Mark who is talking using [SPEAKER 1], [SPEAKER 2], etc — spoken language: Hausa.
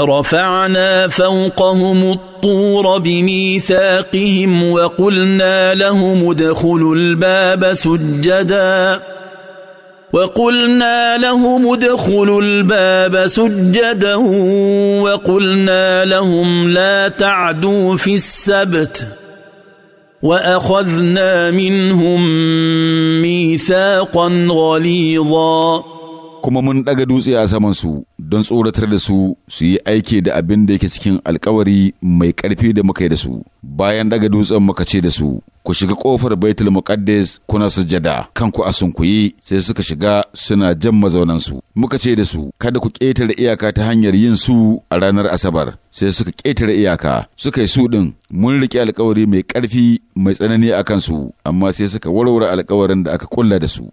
[SPEAKER 1] ورفعنا فوقهم الطور بميثاقهم وقلنا لهم ادخلوا الباب سجدا وقلنا لهم ادخلوا الباب سجدا وقلنا لهم لا تعدوا في السبت
[SPEAKER 2] واخذنا منهم ميثاقا
[SPEAKER 3] غليظا kuma mun ɗaga dutse a samansu don tsoratar da su su yi aiki da abin da yake cikin alkawari mai ƙarfi da muka yi da su. Bayan ɗaga dutsen muka ce da su, ku shiga ƙofar Baitul Muqaddas kuna sujada, kanku a sunkuyi sai suka shiga suna jan mazaunansu. Muka ce da su, kada ku ƙetare iyaka ta hanyar yin su a ranar Asabar. Sai suka ƙetare iyaka, suka yi su ɗin, mun riƙe alkawari mai ƙarfi mai tsanani a kansu, amma sai suka warware alkawarin da aka ƙulla da su.